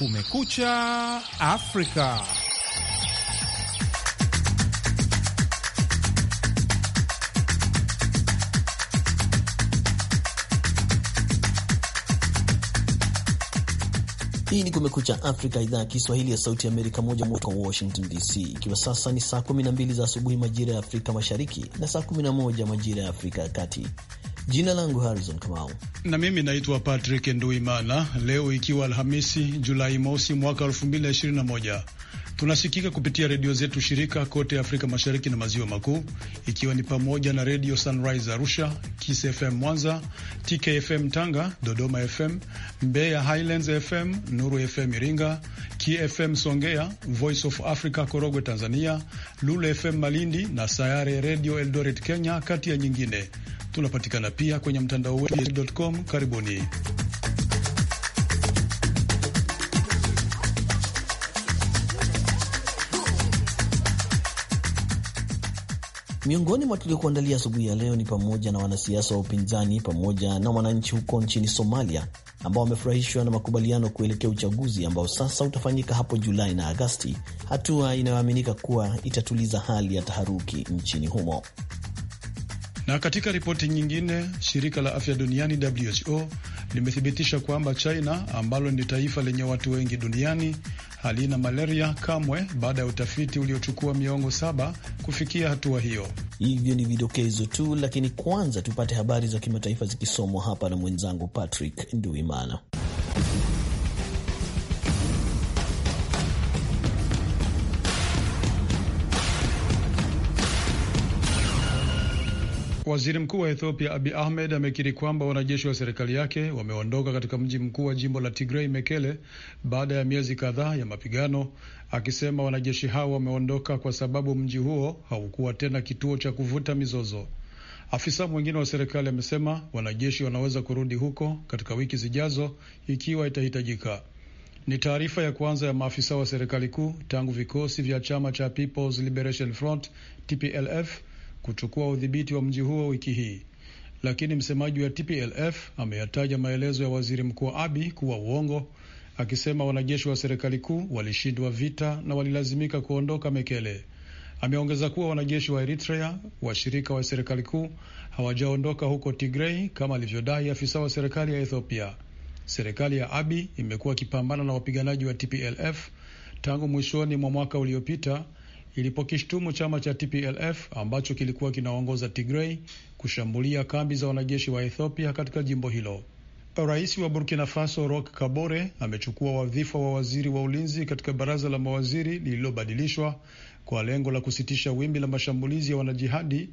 Kumekucha Afrika. Hii ni Kumekucha Afrika, idhaa ya Kiswahili ya Sauti Amerika, moja kutoka Washington DC, ikiwa sasa ni saa 12 za asubuhi majira ya Afrika Mashariki na saa 11 majira ya Afrika ya Kati. Jina langu Harrison Kamau na mimi naitwa Patrick Nduimana. Leo ikiwa Alhamisi, Julai mosi mwaka 2021 tunasikika kupitia redio zetu shirika kote Afrika Mashariki na Maziwa Makuu, ikiwa ni pamoja na Redio Sunrise Arusha, Kiss FM Mwanza, TKFM Tanga, Dodoma FM, Mbeya Highlands FM, Nuru FM Iringa, KFM Songea, Voice of Africa Korogwe Tanzania, Lulu FM Malindi na Sayare Redio Eldoret Kenya, kati ya nyingine. Tunapatikana pia kwenye mtandao wetu.com. Karibuni. Miongoni mwa tuliokuandalia asubuhi ya leo ni pamoja na wanasiasa wa upinzani pamoja na wananchi huko nchini Somalia ambao wamefurahishwa na makubaliano kuelekea uchaguzi ambao sasa utafanyika hapo Julai na Agasti, hatua inayoaminika kuwa itatuliza hali ya taharuki nchini humo. Na katika ripoti nyingine, shirika la afya duniani WHO limethibitisha kwamba China ambalo ni taifa lenye watu wengi duniani halina malaria kamwe baada ya utafiti uliochukua miongo saba kufikia hatua hiyo. Hivyo ni vidokezo tu, lakini kwanza tupate habari za kimataifa zikisomwa hapa na mwenzangu Patrick Nduimana. Waziri mkuu wa Ethiopia Abi Ahmed amekiri kwamba wanajeshi wa serikali yake wameondoka katika mji mkuu wa jimbo la Tigrei, Mekele, baada ya miezi kadhaa ya mapigano, akisema wanajeshi hao wameondoka kwa sababu mji huo haukuwa tena kituo cha kuvuta mizozo. Afisa mwingine wa serikali amesema wanajeshi wanaweza kurudi huko katika wiki zijazo ikiwa itahitajika. Ni taarifa ya kwanza ya maafisa wa serikali kuu tangu vikosi vya chama cha People's Liberation Front TPLF kuchukua udhibiti wa mji huo wiki hii, lakini msemaji wa TPLF ameyataja maelezo ya waziri mkuu Abi kuwa uongo, akisema wanajeshi wa serikali kuu walishindwa vita na walilazimika kuondoka Mekele. Ameongeza kuwa wanajeshi wa Eritrea washirika wa, wa serikali kuu hawajaondoka huko Tigrei kama alivyodai afisa wa serikali ya Ethiopia. Serikali ya Abi imekuwa ikipambana na wapiganaji wa TPLF tangu mwishoni mwa mwaka uliopita ilipokishtumu chama cha TPLF ambacho kilikuwa kinaongoza Tigrei kushambulia kambi za wanajeshi wa Ethiopia katika jimbo hilo. Rais wa Burkina Faso rok Kabore amechukua wadhifa wa waziri wa ulinzi katika baraza la mawaziri lililobadilishwa kwa lengo la kusitisha wimbi la mashambulizi ya wanajihadi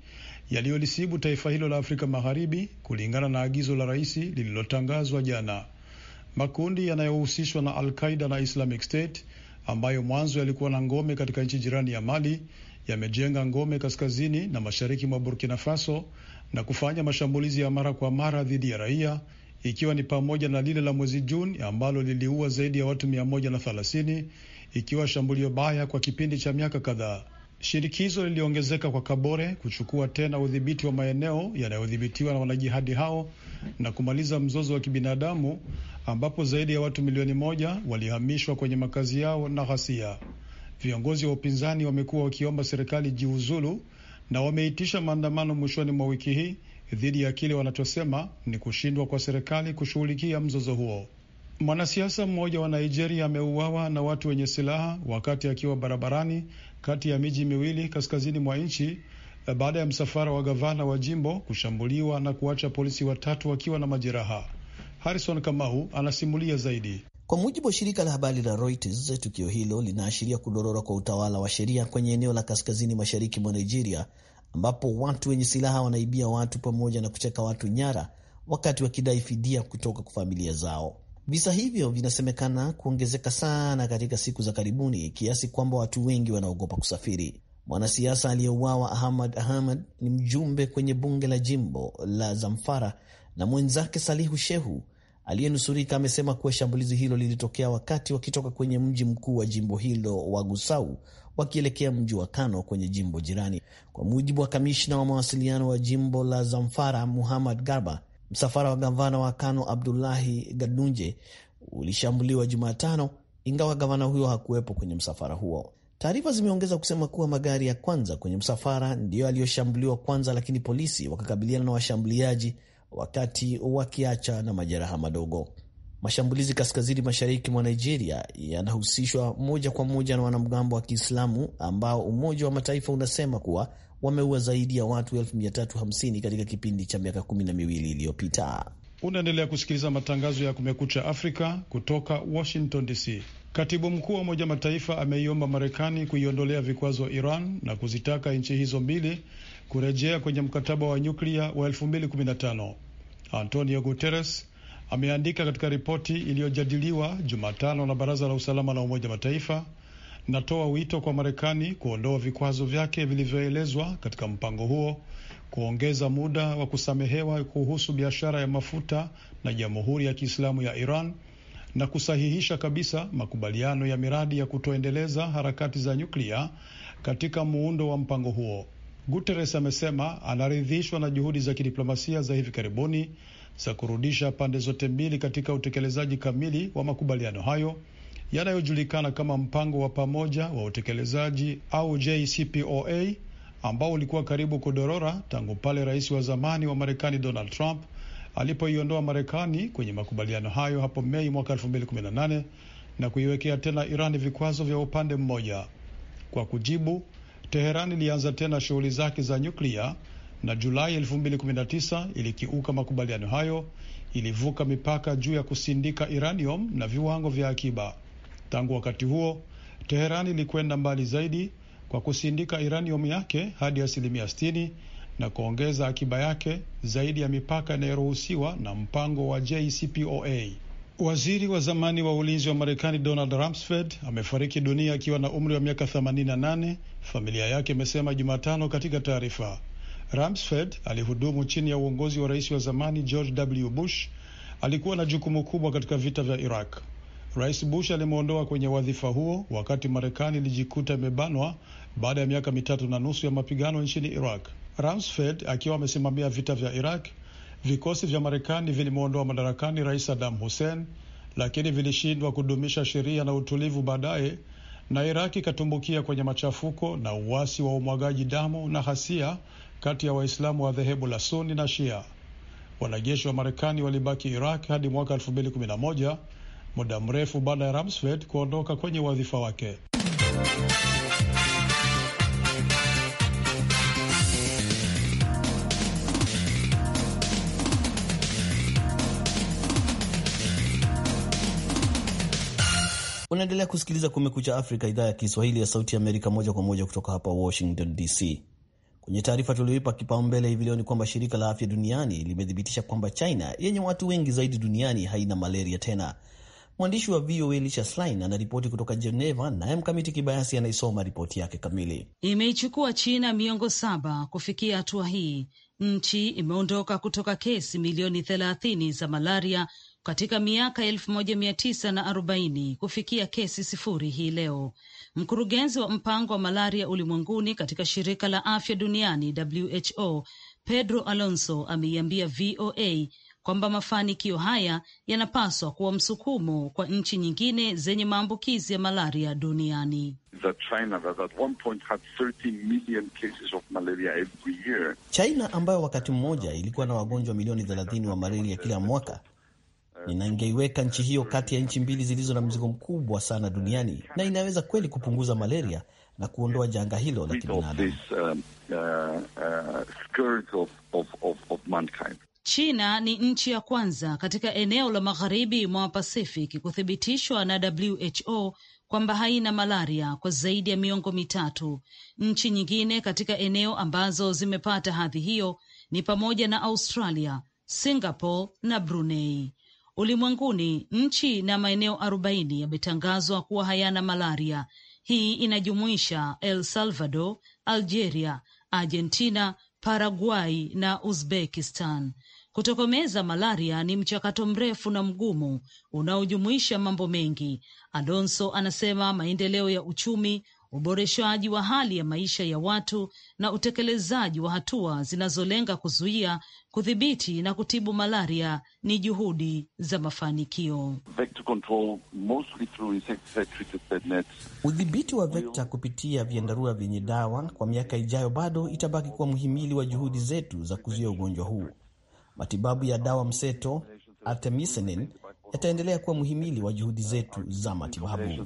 yaliyolisibu taifa hilo la Afrika Magharibi, kulingana na agizo la raisi lililotangazwa jana. Makundi yanayohusishwa na Al Qaida na Islamic State ambayo mwanzo yalikuwa na ngome katika nchi jirani ya Mali yamejenga ngome kaskazini na mashariki mwa Burkina Faso na kufanya mashambulizi ya mara kwa mara dhidi ya raia ikiwa ni pamoja na lile la mwezi Juni ambalo liliua zaidi ya watu mia moja na thelathini ikiwa shambulio baya kwa kipindi cha miaka kadhaa. Shinikizo liliongezeka kwa Kabore kuchukua tena udhibiti wa maeneo yanayodhibitiwa na wanajihadi hao na kumaliza mzozo wa kibinadamu ambapo zaidi ya watu milioni moja walihamishwa kwenye makazi yao na ghasia. Viongozi wa upinzani wamekuwa wakiomba serikali jiuzulu na wameitisha maandamano mwishoni mwa wiki hii dhidi ya kile wanachosema ni kushindwa kwa serikali kushughulikia mzozo huo. Mwanasiasa mmoja wa Nigeria ameuawa na watu wenye silaha wakati akiwa barabarani kati ya miji miwili kaskazini mwa nchi eh, baada ya msafara wa gavana wa jimbo kushambuliwa na kuacha polisi watatu wakiwa na majeraha. Harrison Kamau anasimulia zaidi. Kwa mujibu wa shirika la habari la Reuters, tukio hilo linaashiria kudorora kwa utawala wa sheria kwenye eneo la kaskazini mashariki mwa Nigeria, ambapo watu wenye silaha wanaibia watu pamoja na kucheka watu nyara wakati wakidai fidia kutoka kwa familia zao. Visa hivyo vinasemekana kuongezeka sana katika siku za karibuni kiasi kwamba watu wengi wanaogopa kusafiri. Mwanasiasa aliyeuawa Ahmad Ahmad ni mjumbe kwenye bunge la jimbo la Zamfara na mwenzake Salihu Shehu aliyenusurika amesema kuwa shambulizi hilo lilitokea wakati wakitoka kwenye mji mkuu wa jimbo hilo wa Gusau wakielekea mji wa Kano kwenye jimbo jirani. Kwa mujibu wa kamishna wa mawasiliano wa jimbo la Zamfara, Muhammad Garba, Msafara wa gavana wa Kano Abdullahi Gadunje ulishambuliwa Jumatano, ingawa gavana huyo hakuwepo kwenye msafara huo. Taarifa zimeongeza kusema kuwa magari ya kwanza kwenye msafara ndiyo yaliyoshambuliwa kwanza, lakini polisi wakakabiliana na washambuliaji wakati wakiacha na majeraha madogo. Mashambulizi kaskazini mashariki mwa Nigeria yanahusishwa moja kwa moja na wanamgambo wa Kiislamu ambao Umoja wa Mataifa unasema kuwa wameua zaidi ya watu 350 katika kipindi cha miaka kumi na miwili iliyopita. Unaendelea kusikiliza matangazo ya Kumekucha Afrika kutoka Washington DC. Katibu mkuu wa Umoja Mataifa ameiomba Marekani kuiondolea vikwazo Iran na kuzitaka nchi hizo mbili kurejea kwenye mkataba wa nyuklia wa 2015. Antonio Guterres ameandika katika ripoti iliyojadiliwa Jumatano na Baraza la Usalama la Umoja Mataifa inatoa wito kwa Marekani kuondoa vikwazo vyake vilivyoelezwa katika mpango huo, kuongeza muda wa kusamehewa kuhusu biashara ya mafuta na Jamhuri ya Kiislamu ya Iran na kusahihisha kabisa makubaliano ya miradi ya kutoendeleza harakati za nyuklia katika muundo wa mpango huo. Guterres amesema anaridhishwa na juhudi za kidiplomasia za hivi karibuni za kurudisha pande zote mbili katika utekelezaji kamili wa makubaliano hayo yanayojulikana kama mpango wa pamoja wa utekelezaji au JCPOA ambao ulikuwa karibu kudorora tangu pale rais wa zamani wa Marekani Donald Trump alipoiondoa Marekani kwenye makubaliano hayo hapo Mei mwaka 2018 na kuiwekea tena Iran vikwazo vya upande mmoja. Kwa kujibu, Teherani ilianza tena shughuli zake za nyuklia na Julai 2019 ilikiuka makubaliano hayo, ilivuka mipaka juu ya kusindika uranium na viwango vya akiba. Tangu wakati huo, Teherani ilikwenda mbali zaidi kwa kusindika iranium yake hadi asilimia 60 na kuongeza akiba yake zaidi ya mipaka inayoruhusiwa na mpango wa JCPOA. Waziri wa zamani wa ulinzi wa Marekani Donald Rumsfeld amefariki dunia akiwa na umri wa miaka 88, familia yake imesema Jumatano katika taarifa. Rumsfeld alihudumu chini ya uongozi wa rais wa zamani George W. Bush. Alikuwa na jukumu kubwa katika vita vya Iraq. Rais Bush alimwondoa kwenye wadhifa huo wakati Marekani ilijikuta imebanwa baada ya miaka mitatu na nusu ya mapigano nchini Iraq. Rumsfeld akiwa amesimamia vita vya Iraq, vikosi vya Marekani vilimwondoa madarakani Rais Saddam Hussein, lakini vilishindwa kudumisha sheria na utulivu baadaye, na Iraq ikatumbukia kwenye machafuko na uasi wa umwagaji damu na hasia kati ya Waislamu wa dhehebu la Suni na Shia. Wanajeshi wa Marekani walibaki Iraq hadi mwaka 2011 muda mrefu baada ya Ramsfeld kuondoka kwenye wadhifa wake. Unaendelea kusikiliza Kumekucha Afrika, idhaa ya Kiswahili ya Sauti ya Amerika, moja kwa moja kutoka hapa Washington DC. Kwenye taarifa tulioipa kipaumbele hivi leo ni kwamba shirika la afya duniani limethibitisha kwamba China yenye watu wengi zaidi duniani haina malaria tena. Mwandishi wa VOA Lisha slin anaripoti kutoka Geneva, naye Mkamiti Kibayasi anaisoma ripoti yake kamili. Imeichukua China miongo saba kufikia hatua hii. Nchi imeondoka kutoka kesi milioni thelathini za malaria katika miaka elfu moja mia tisa na arobaini kufikia kesi sifuri hii leo. Mkurugenzi wa mpango wa malaria ulimwenguni katika shirika la afya duniani WHO Pedro Alonso ameiambia VOA kwamba mafanikio haya yanapaswa kuwa msukumo kwa nchi nyingine zenye maambukizi ya malaria duniani. China ambayo wakati mmoja ilikuwa na wagonjwa milioni 30 wa malaria kila mwaka Ninangeiweka nchi hiyo kati ya nchi mbili zilizo na mzigo mkubwa sana duniani na inaweza kweli kupunguza malaria na kuondoa janga hilo la kibinadamu. Um, uh, uh, China ni nchi ya kwanza katika eneo la magharibi mwa Pacific kuthibitishwa na WHO kwamba haina malaria kwa zaidi ya miongo mitatu. Nchi nyingine katika eneo ambazo zimepata hadhi hiyo ni pamoja na Australia, Singapore na Brunei. Ulimwenguni, nchi na maeneo 40 yametangazwa kuwa hayana malaria. Hii inajumuisha El Salvador, Algeria, Argentina, Paraguay na Uzbekistan. Kutokomeza malaria ni mchakato mrefu na mgumu unaojumuisha mambo mengi. Alonso anasema maendeleo ya uchumi, uboreshaji wa hali ya maisha ya watu na utekelezaji wa hatua zinazolenga kuzuia, kudhibiti na kutibu malaria ni juhudi za mafanikio. Udhibiti wa vekta kupitia vyandarua vyenye dawa kwa miaka ijayo bado itabaki kuwa mhimili wa juhudi zetu za kuzuia ugonjwa huu. Matibabu ya dawa mseto artemisinin yataendelea kuwa muhimili wa juhudi zetu za matibabu.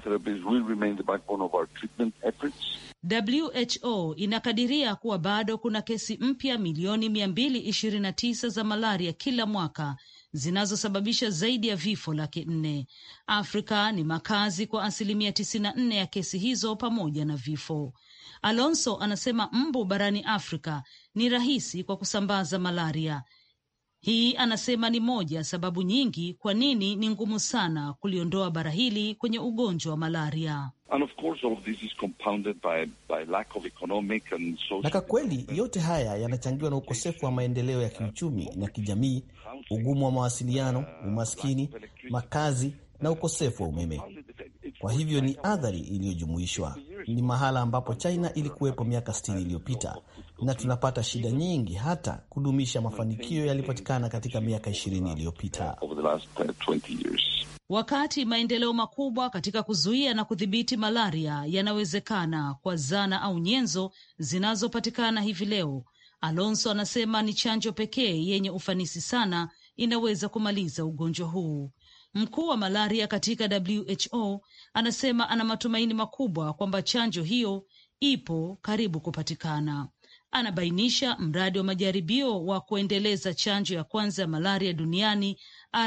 WHO inakadiria kuwa bado kuna kesi mpya milioni 229 za malaria kila mwaka zinazosababisha zaidi ya vifo laki nne. Afrika ni makazi kwa asilimia 94 ya kesi hizo pamoja na vifo. Alonso anasema mbu barani Afrika ni rahisi kwa kusambaza malaria hii anasema ni moja sababu nyingi kwa nini ni ngumu sana kuliondoa bara hili kwenye ugonjwa wa malaria. Na kwa kweli yote haya yanachangiwa na ukosefu wa maendeleo ya kiuchumi na kijamii, ugumu wa mawasiliano, umaskini, makazi na ukosefu wa umeme. Kwa hivyo ni athari iliyojumuishwa. Ni mahala ambapo China ilikuwepo miaka 60 iliyopita na tunapata shida nyingi hata kudumisha mafanikio yaliyopatikana katika miaka ishirini uh, iliyopita. Uh, uh, Wakati maendeleo makubwa katika kuzuia na kudhibiti malaria yanawezekana kwa zana au nyenzo zinazopatikana hivi leo, Alonso anasema ni chanjo pekee yenye ufanisi sana inaweza kumaliza ugonjwa huu. Mkuu wa malaria katika WHO anasema ana matumaini makubwa kwamba chanjo hiyo ipo karibu kupatikana anabainisha mradi wa majaribio wa kuendeleza chanjo ya kwanza ya malaria duniani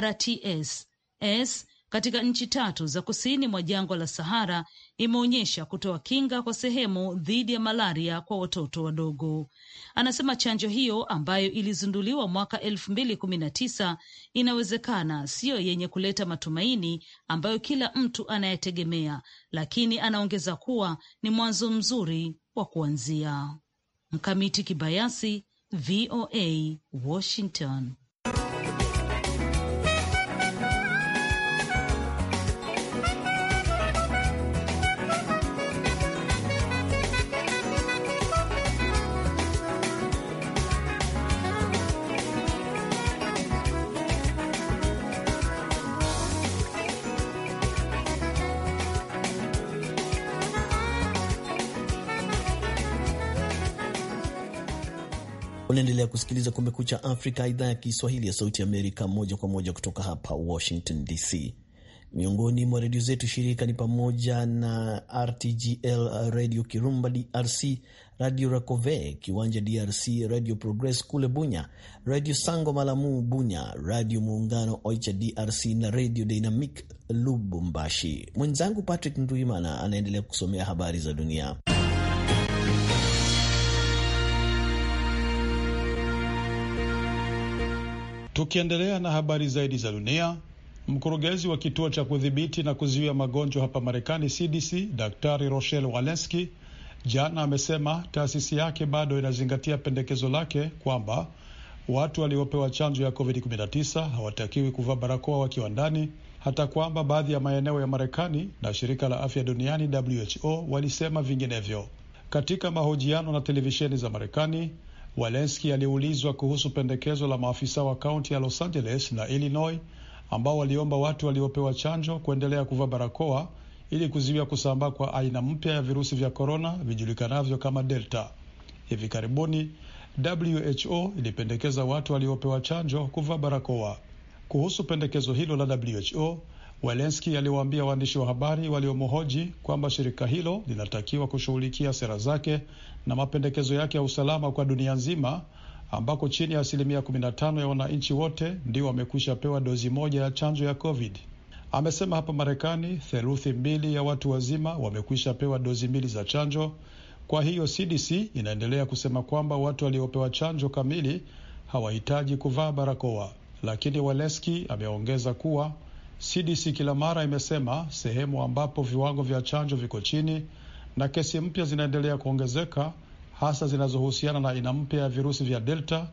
RTS S katika nchi tatu za kusini mwa jangwa la Sahara imeonyesha kutoa kinga kwa sehemu dhidi ya malaria kwa watoto wadogo. Anasema chanjo hiyo ambayo ilizinduliwa mwaka elfu mbili kumi na tisa inawezekana siyo yenye kuleta matumaini ambayo kila mtu anayetegemea, lakini anaongeza kuwa ni mwanzo mzuri wa kuanzia. Mkamiti Kibayasi, VOA, Washington. Unaendelea kusikiliza Kumekucha Afrika, idhaa ya Kiswahili ya Sauti Amerika, moja kwa moja kutoka hapa Washington DC. Miongoni mwa redio zetu shirika ni pamoja na RTGL Radio Kirumba DRC, Radio Racove Kiwanja DRC, Radio Progress kule Bunya, Radio Sango Malamu Bunya, Radio Muungano Oicha DRC na Radio Dynamic Lubumbashi. Mwenzangu Patrick Nduimana anaendelea kusomea habari za dunia. Tukiendelea na habari zaidi za dunia, mkurugenzi wa kituo cha kudhibiti na kuzuia magonjwa hapa Marekani, CDC, Daktari Rochelle Walensky jana amesema taasisi yake bado inazingatia pendekezo lake kwamba watu waliopewa chanjo ya COVID-19 hawatakiwi kuvaa barakoa wakiwa ndani, hata kwamba baadhi ya maeneo ya Marekani na shirika la afya duniani WHO walisema vinginevyo. Katika mahojiano na televisheni za Marekani, walenski aliulizwa kuhusu pendekezo la maafisa wa kaunti ya Los Angeles na Illinois ambao waliomba watu waliopewa chanjo kuendelea kuvaa barakoa ili kuzuia kusambaa kwa aina mpya ya virusi vya korona vijulikanavyo kama Delta. Hivi karibuni WHO ilipendekeza watu waliopewa chanjo kuvaa barakoa. Kuhusu pendekezo hilo la WHO, Walenski aliwaambia waandishi wa habari waliomhoji kwamba shirika hilo linatakiwa kushughulikia sera zake na mapendekezo yake ya usalama kwa dunia nzima, ambako chini ya asilimia 15 ya wananchi wote ndio wamekwisha pewa dozi moja ya chanjo ya COVID. Amesema hapa Marekani theluthi mbili ya watu wazima wamekwisha pewa dozi mbili za chanjo. Kwa hiyo CDC inaendelea kusema kwamba watu waliopewa chanjo kamili hawahitaji kuvaa barakoa, lakini Waleski ameongeza kuwa CDC kila mara imesema sehemu ambapo viwango vya chanjo viko chini na kesi mpya zinaendelea kuongezeka, hasa zinazohusiana na aina mpya ya virusi vya Delta,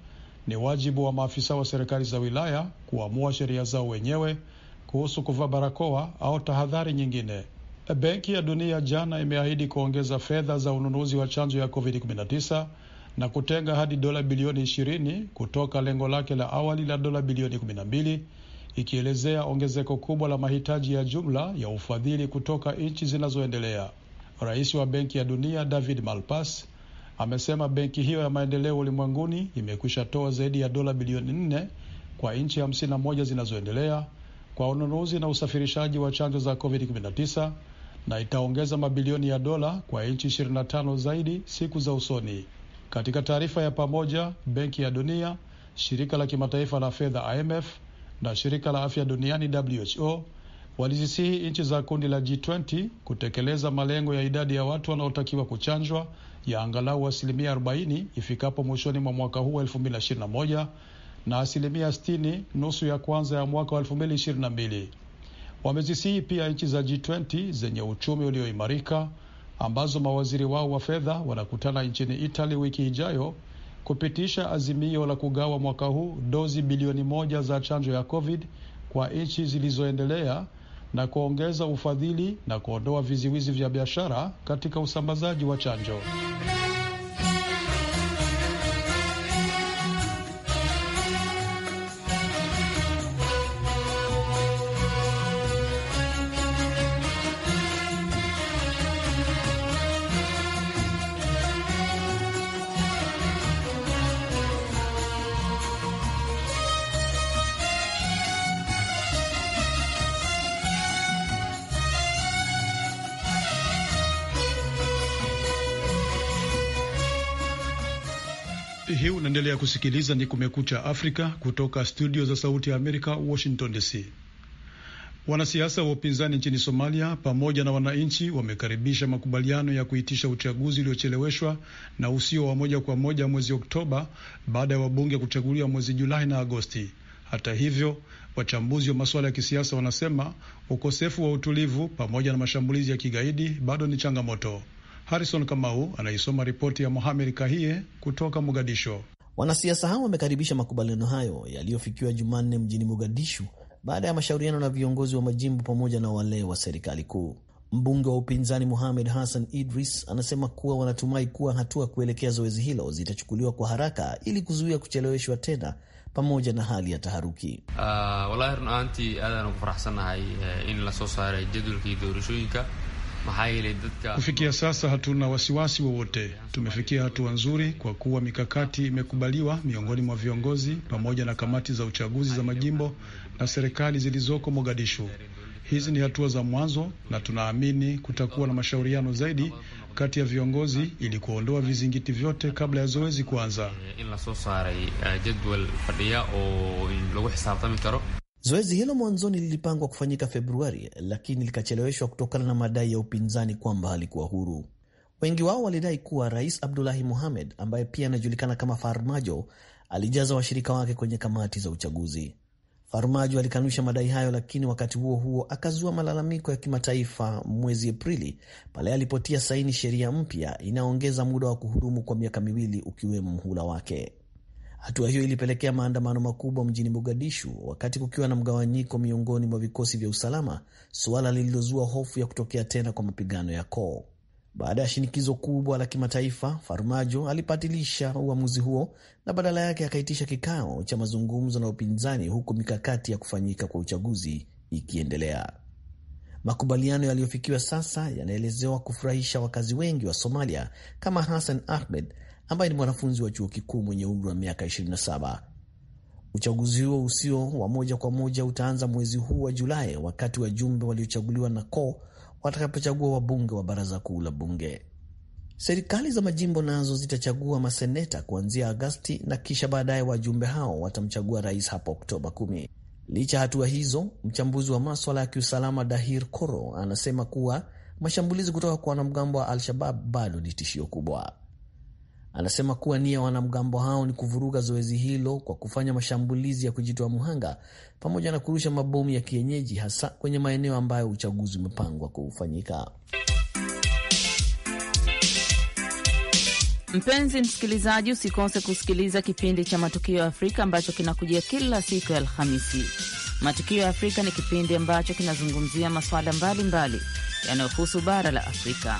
ni wajibu wa maafisa wa serikali za wilaya kuamua sheria zao wenyewe kuhusu kuvaa barakoa au tahadhari nyingine. Benki ya Dunia jana imeahidi kuongeza fedha za ununuzi wa chanjo ya COVID-19 na kutenga hadi dola bilioni 20 kutoka lengo lake la awali la dola bilioni ikielezea ongezeko kubwa la mahitaji ya jumla ya ufadhili kutoka nchi zinazoendelea. Rais wa Benki ya Dunia David Malpass amesema benki hiyo ya maendeleo ulimwenguni imekwisha toa zaidi ya dola bilioni nne kwa nchi hamsini na moja zinazoendelea kwa ununuzi na usafirishaji wa chanjo za COVID-19 na itaongeza mabilioni ya dola kwa nchi 25 zaidi siku za usoni. Katika taarifa ya pamoja, Benki ya Dunia, Shirika la Kimataifa la Fedha IMF na shirika la afya duniani WHO walizisihi nchi za kundi la G20 kutekeleza malengo ya idadi ya watu wanaotakiwa kuchanjwa ya angalau asilimia 40 ifikapo mwishoni mwa mwaka huu wa 2021 na asilimia 60 nusu ya kwanza ya mwaka wa 2022. Wamezisihi pia nchi za G20 zenye uchumi ulioimarika ambazo mawaziri wao wa fedha wanakutana nchini Itali wiki ijayo kupitisha azimio la kugawa mwaka huu dozi bilioni moja za chanjo ya COVID kwa nchi zilizoendelea na kuongeza ufadhili na kuondoa viziwizi vya biashara katika usambazaji wa chanjo. Unaendelea kusikiliza ni Kumekucha Afrika kutoka studio za Sauti ya Amerika, Washington DC. Wanasiasa wa upinzani nchini Somalia pamoja na wananchi wamekaribisha makubaliano ya kuitisha uchaguzi uliocheleweshwa na usio wa moja kwa moja mwezi Oktoba baada ya wabunge kuchaguliwa mwezi Julai na Agosti. Hata hivyo, wachambuzi wa masuala ya kisiasa wanasema ukosefu wa utulivu pamoja na mashambulizi ya kigaidi bado ni changamoto. Harrison Kamau anaisoma ripoti ya Mohamed Kahie kutoka Mogadisho. Wanasiasa hao wamekaribisha makubaliano hayo yaliyofikiwa Jumanne mjini Mogadishu baada ya mashauriano na viongozi wa majimbo pamoja na wale wa serikali kuu. Mbunge wa upinzani muhamed Hassan Idris anasema kuwa wanatumai kuwa hatua kuelekea zoezi hilo zitachukuliwa kwa haraka ili kuzuia kucheleweshwa tena pamoja na hali ya taharuki. Uh, ah, walahi run ahaantii aadaan ugu faraxsanahay eh, in lasoo saaray jadwalkii doorashooyinka Kufikia sasa hatuna wasiwasi wowote. Tumefikia hatua nzuri kwa kuwa mikakati imekubaliwa miongoni mwa viongozi pamoja na kamati za uchaguzi za majimbo na serikali zilizoko Mogadishu. Hizi ni hatua za mwanzo na tunaamini kutakuwa na mashauriano zaidi kati ya viongozi ili kuondoa vizingiti vyote kabla ya zoezi kuanza. Eh, Zoezi hilo mwanzoni lilipangwa kufanyika Februari, lakini likacheleweshwa kutokana na madai ya upinzani kwamba alikuwa huru. Wengi wao walidai kuwa Rais Abdulahi Muhamed, ambaye pia anajulikana kama Farmajo alijaza washirika wake kwenye kamati za uchaguzi. Farmajo alikanusha madai hayo, lakini wakati huo huo akazua malalamiko ya kimataifa mwezi Aprili pale alipotia saini sheria mpya inayoongeza muda wa kuhudumu kwa miaka miwili ukiwemo mhula wake. Hatua hiyo ilipelekea maandamano makubwa mjini Mogadishu, wakati kukiwa na mgawanyiko miongoni mwa vikosi vya usalama, suala lililozua hofu ya kutokea tena kwa mapigano ya koo. Baada ya shinikizo kubwa la kimataifa, Farmajo alipatilisha uamuzi huo na badala yake akaitisha kikao cha mazungumzo na upinzani, huku mikakati ya kufanyika kwa uchaguzi ikiendelea. Makubaliano yaliyofikiwa sasa yanaelezewa kufurahisha wakazi wengi wa Somalia kama Hassan Ahmed ambaye ni mwanafunzi wa chuo kikuu mwenye umri wa miaka 27. Uchaguzi huo usio wa moja kwa moja utaanza mwezi huu wa Julai, wakati wajumbe waliochaguliwa na co watakapochagua wabunge wa baraza kuu la bunge. Serikali za majimbo nazo zitachagua maseneta kuanzia Agasti na kisha baadaye wajumbe hao watamchagua rais hapo Oktoba 10. Licha ya hatua hizo, mchambuzi wa maswala ya kiusalama Dahir Koro anasema kuwa mashambulizi kutoka kwa wanamgambo wa Al-Shabab bado ni tishio kubwa. Anasema kuwa nia ya wanamgambo hao ni kuvuruga zoezi hilo kwa kufanya mashambulizi ya kujitoa muhanga pamoja na kurusha mabomu ya kienyeji hasa kwenye maeneo ambayo uchaguzi umepangwa kufanyika. Mpenzi msikilizaji, usikose kusikiliza kipindi cha Matukio ya Afrika ambacho kinakujia kila siku ya Alhamisi. Matukio ya Afrika ni kipindi ambacho kinazungumzia masuala mbalimbali yanayohusu bara la Afrika.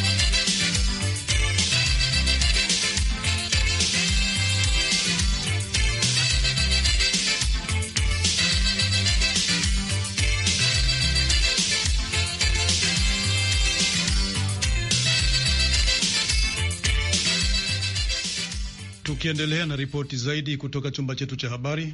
Tukiendelea na ripoti zaidi kutoka chumba chetu cha habari,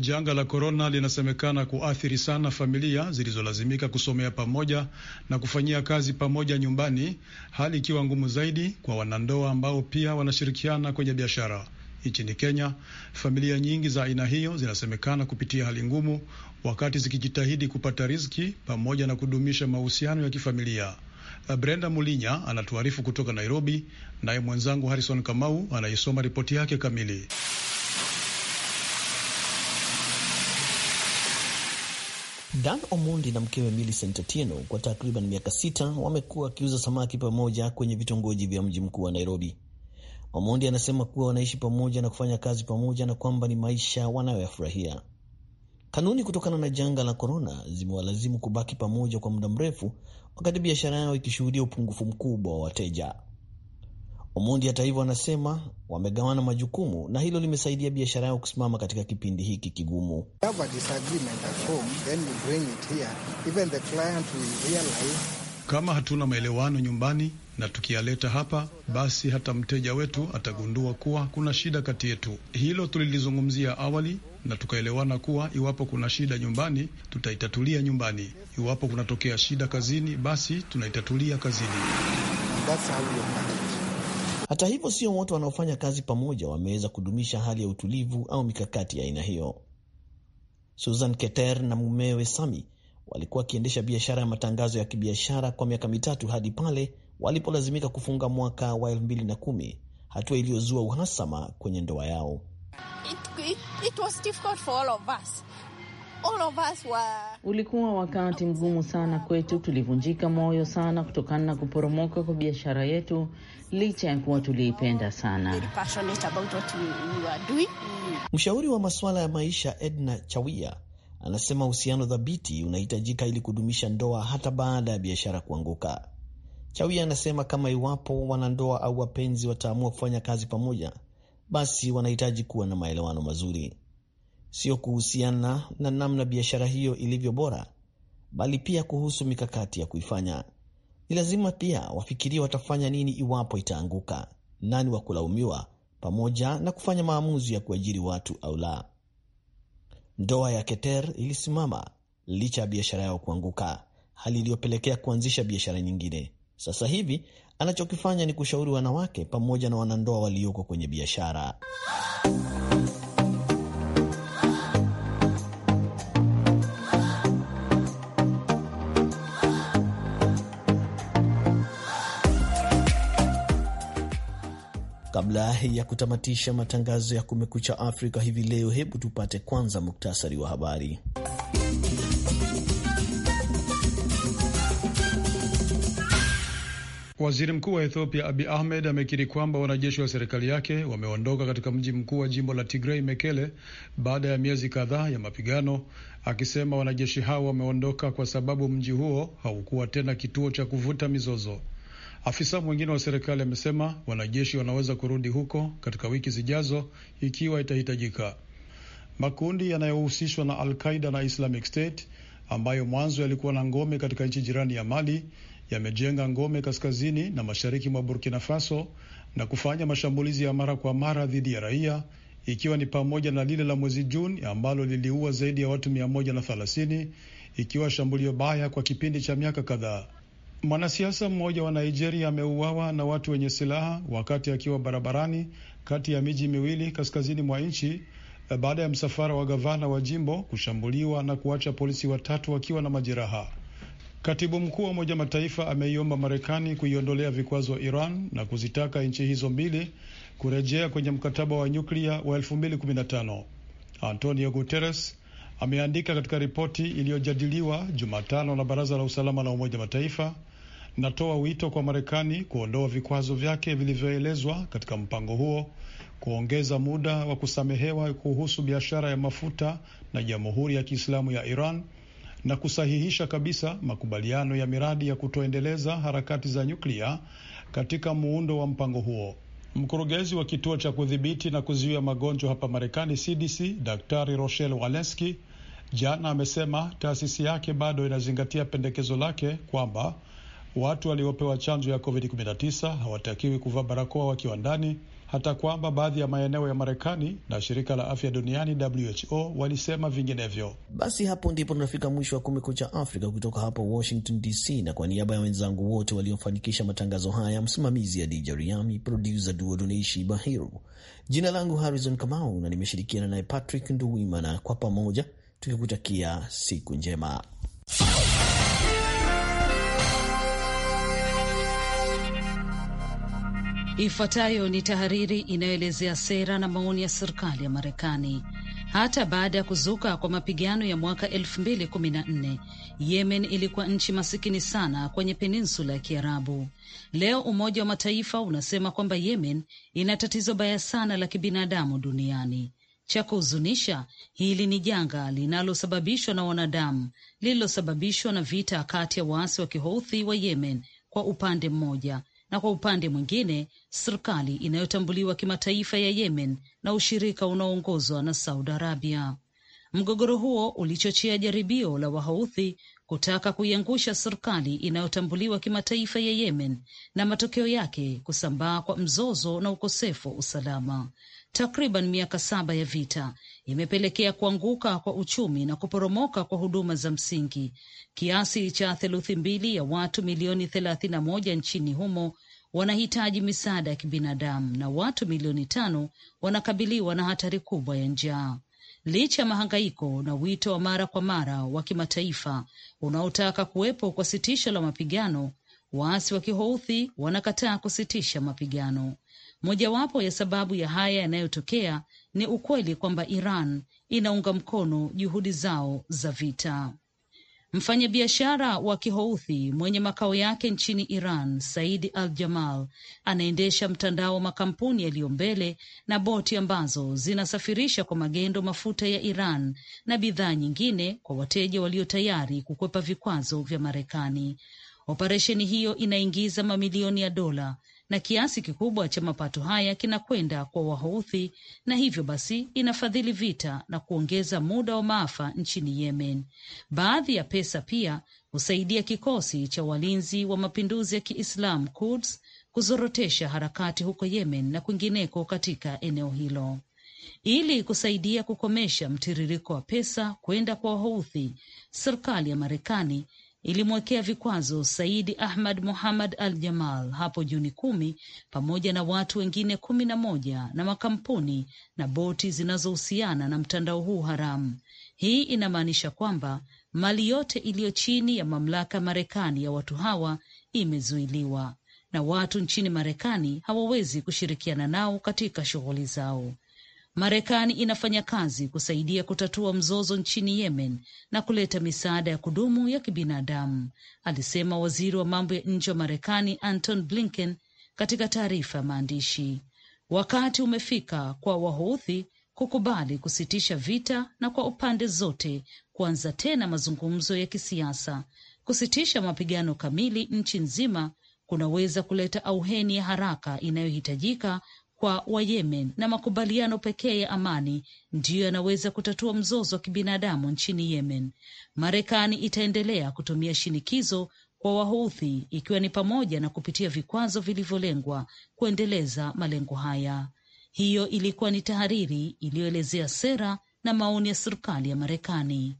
janga la korona linasemekana kuathiri sana familia zilizolazimika kusomea pamoja na kufanyia kazi pamoja nyumbani, hali ikiwa ngumu zaidi kwa wanandoa ambao pia wanashirikiana kwenye biashara. Nchini Kenya, familia nyingi za aina hiyo zinasemekana kupitia hali ngumu, wakati zikijitahidi kupata riziki pamoja na kudumisha mahusiano ya kifamilia. Uh, Brenda Mulinya anatuarifu kutoka Nairobi, naye mwenzangu Harrison Kamau anaisoma ripoti yake kamili. Dan Omondi na mkewe Millicent Otieno kwa takriban miaka sita wamekuwa wakiuza samaki pamoja kwenye vitongoji vya mji mkuu wa Nairobi. Omondi anasema kuwa wanaishi pamoja na kufanya kazi pamoja na kwamba ni maisha wanayoyafurahia. Kanuni kutokana na janga la korona zimewalazimu kubaki pamoja kwa muda mrefu, wakati biashara yao ikishuhudia upungufu mkubwa wa wateja. Omondi hata hivyo, anasema wamegawana majukumu na hilo limesaidia biashara yao kusimama katika kipindi hiki kigumu. have a disagreement at home, then we bring it here. Even the client will realize kama hatuna maelewano nyumbani na tukiyaleta hapa, basi hata mteja wetu atagundua kuwa kuna shida kati yetu. Hilo tulilizungumzia awali na tukaelewana kuwa iwapo kuna shida nyumbani, tutaitatulia nyumbani. Iwapo kunatokea shida kazini, basi tunaitatulia kazini. Hata hivyo, sio wote wanaofanya kazi pamoja wameweza kudumisha hali ya utulivu au mikakati ya aina hiyo. Susan Keter na mumewe Sami walikuwa wakiendesha biashara ya matangazo ya kibiashara kwa miaka mitatu hadi pale walipolazimika kufunga mwaka wa 2010, hatua iliyozua uhasama kwenye ndoa yao. It, it, it were... Ulikuwa wakati mgumu sana kwetu, tulivunjika moyo sana kutokana na kuporomoka kwa biashara yetu, licha ya kuwa tuliipenda sana. Mshauri wa masuala ya maisha Edna Chawia Anasema uhusiano dhabiti unahitajika ili kudumisha ndoa hata baada ya biashara kuanguka. Chawi anasema kama iwapo wanandoa au wapenzi wataamua kufanya kazi pamoja, basi wanahitaji kuwa na maelewano mazuri, sio kuhusiana na namna biashara hiyo ilivyo bora, bali pia kuhusu mikakati ya kuifanya. Ni lazima pia wafikirie watafanya nini iwapo itaanguka, nani wa kulaumiwa, pamoja na kufanya maamuzi ya kuajiri watu au la. Ndoa ya Keter ilisimama licha ya biashara yao kuanguka, hali iliyopelekea kuanzisha biashara nyingine. Sasa hivi anachokifanya ni kushauri wanawake pamoja na wanandoa walioko kwenye biashara Kabla ya kutamatisha matangazo ya Kumekucha Afrika hivi leo, hebu tupate kwanza muktasari wa habari. Waziri mkuu wa Ethiopia Abi Ahmed amekiri kwamba wanajeshi wa serikali yake wameondoka katika mji mkuu wa jimbo la Tigrei, Mekele, baada ya miezi kadhaa ya mapigano, akisema wanajeshi hao wameondoka kwa sababu mji huo haukuwa tena kituo cha kuvuta mizozo. Afisa mwingine wa serikali amesema wanajeshi wanaweza kurudi huko katika wiki zijazo ikiwa itahitajika. Makundi yanayohusishwa na Al-Qaida na Islamic State ambayo mwanzo yalikuwa na ngome katika nchi jirani ya Mali yamejenga ngome kaskazini na mashariki mwa Burkina Faso na kufanya mashambulizi ya mara kwa mara dhidi ya raia ikiwa ni pamoja na lile la mwezi Juni ambalo liliua zaidi ya watu mia moja na thelathini ikiwa shambulio baya kwa kipindi cha miaka kadhaa. Mwanasiasa mmoja wa Nigeria ameuawa na watu wenye silaha wakati akiwa barabarani kati ya miji miwili kaskazini mwa nchi eh, baada ya msafara wa gavana wa jimbo kushambuliwa na kuacha polisi watatu wakiwa na majeraha. Katibu mkuu wa Umoja Mataifa ameiomba Marekani kuiondolea vikwazo Iran na kuzitaka nchi hizo mbili kurejea kwenye mkataba wa nyuklia wa 2015. Antonio Guterres ameandika katika ripoti iliyojadiliwa Jumatano na Baraza la Usalama la Umoja Mataifa Natoa wito kwa Marekani kuondoa vikwazo vyake vilivyoelezwa katika mpango huo, kuongeza muda wa kusamehewa kuhusu biashara ya mafuta na Jamhuri ya Kiislamu ya Iran na kusahihisha kabisa makubaliano ya miradi ya kutoendeleza harakati za nyuklia katika muundo wa mpango huo. Mkurugenzi wa kituo cha kudhibiti na kuzuia magonjwa hapa Marekani, CDC, Daktari Rochelle Walensky jana amesema taasisi yake bado inazingatia pendekezo lake kwamba Watu waliopewa chanjo ya COVID-19 hawatakiwi kuvaa barakoa wakiwa ndani, hata kwamba baadhi ya maeneo ya Marekani na shirika la afya duniani WHO walisema vinginevyo. Basi hapo ndipo tunafika mwisho wa Kumekucha Afrika kutoka hapa Washington DC, na kwa niaba ya wenzangu wote waliofanikisha matangazo haya, msimamizi ya DJ Riami, produsa Duodoneishi Bahiru, jina langu Harrison Kamau na nimeshirikiana naye Patrick Nduwimana, kwa pamoja tukikutakia siku njema. Ifuatayo ni tahariri inayoelezea sera na maoni ya serikali ya Marekani. Hata baada ya kuzuka kwa mapigano ya mwaka 2014 Yemen ilikuwa nchi masikini sana kwenye peninsula ya Kiarabu. Leo Umoja wa Mataifa unasema kwamba Yemen ina tatizo baya sana la kibinadamu duniani. Cha kuhuzunisha, hili ni janga linalosababishwa na wanadamu, lililosababishwa na vita kati ya waasi wa Kihouthi wa Yemen kwa upande mmoja na kwa upande mwingine serikali inayotambuliwa kimataifa ya Yemen na ushirika unaoongozwa na Saudi Arabia. Mgogoro huo ulichochea jaribio la Wahouthi kutaka kuiangusha serikali inayotambuliwa kimataifa ya Yemen na matokeo yake kusambaa kwa mzozo na ukosefu wa usalama. Takriban miaka saba ya vita imepelekea kuanguka kwa uchumi na kuporomoka kwa huduma za msingi. Kiasi cha theluthi mbili ya watu milioni thelathini na moja nchini humo wanahitaji misaada ya kibinadamu na watu milioni tano wanakabiliwa na hatari kubwa ya njaa. Licha ya mahangaiko na wito wa mara kwa mara wa kimataifa unaotaka kuwepo kwa sitisho la mapigano, waasi wa Kihouthi wanakataa kusitisha mapigano. Mojawapo ya sababu ya haya yanayotokea ni ukweli kwamba Iran inaunga mkono juhudi zao za vita. Mfanyabiashara wa Kihouthi mwenye makao yake nchini Iran, Saidi Al Jamal, anaendesha mtandao wa makampuni yaliyo mbele na boti ambazo zinasafirisha kwa magendo mafuta ya Iran na bidhaa nyingine kwa wateja walio tayari kukwepa vikwazo vya Marekani. Operesheni hiyo inaingiza mamilioni ya dola na kiasi kikubwa cha mapato haya kinakwenda kwa Wahouthi na hivyo basi inafadhili vita na kuongeza muda wa maafa nchini Yemen. Baadhi ya pesa pia husaidia kikosi cha walinzi wa mapinduzi ya Kiislamu Quds kuzorotesha harakati huko Yemen na kwingineko katika eneo hilo ili kusaidia kukomesha mtiririko wa pesa kwenda kwa Wahouthi. Serikali ya Marekani ilimwekea vikwazo Saidi Ahmad Muhammad Al Jamal hapo Juni kumi pamoja na watu wengine kumi na moja na makampuni na boti zinazohusiana na mtandao huu haramu. Hii inamaanisha kwamba mali yote iliyo chini ya mamlaka ya Marekani ya watu hawa imezuiliwa na watu nchini Marekani hawawezi kushirikiana nao katika shughuli zao. Marekani inafanya kazi kusaidia kutatua mzozo nchini Yemen na kuleta misaada ya kudumu ya kibinadamu, alisema waziri wa mambo ya nje wa Marekani Anton Blinken katika taarifa ya maandishi. Wakati umefika kwa Wahouthi kukubali kusitisha vita na kwa upande zote kuanza tena mazungumzo ya kisiasa. Kusitisha mapigano kamili nchi nzima kunaweza kuleta auheni ya haraka inayohitajika kwa Wayemen na makubaliano pekee ya amani ndiyo yanaweza kutatua mzozo wa kibinadamu nchini Yemen. Marekani itaendelea kutumia shinikizo kwa Wahouthi, ikiwa ni pamoja na kupitia vikwazo vilivyolengwa kuendeleza malengo haya. Hiyo ilikuwa ni tahariri iliyoelezea sera na maoni ya serikali ya Marekani.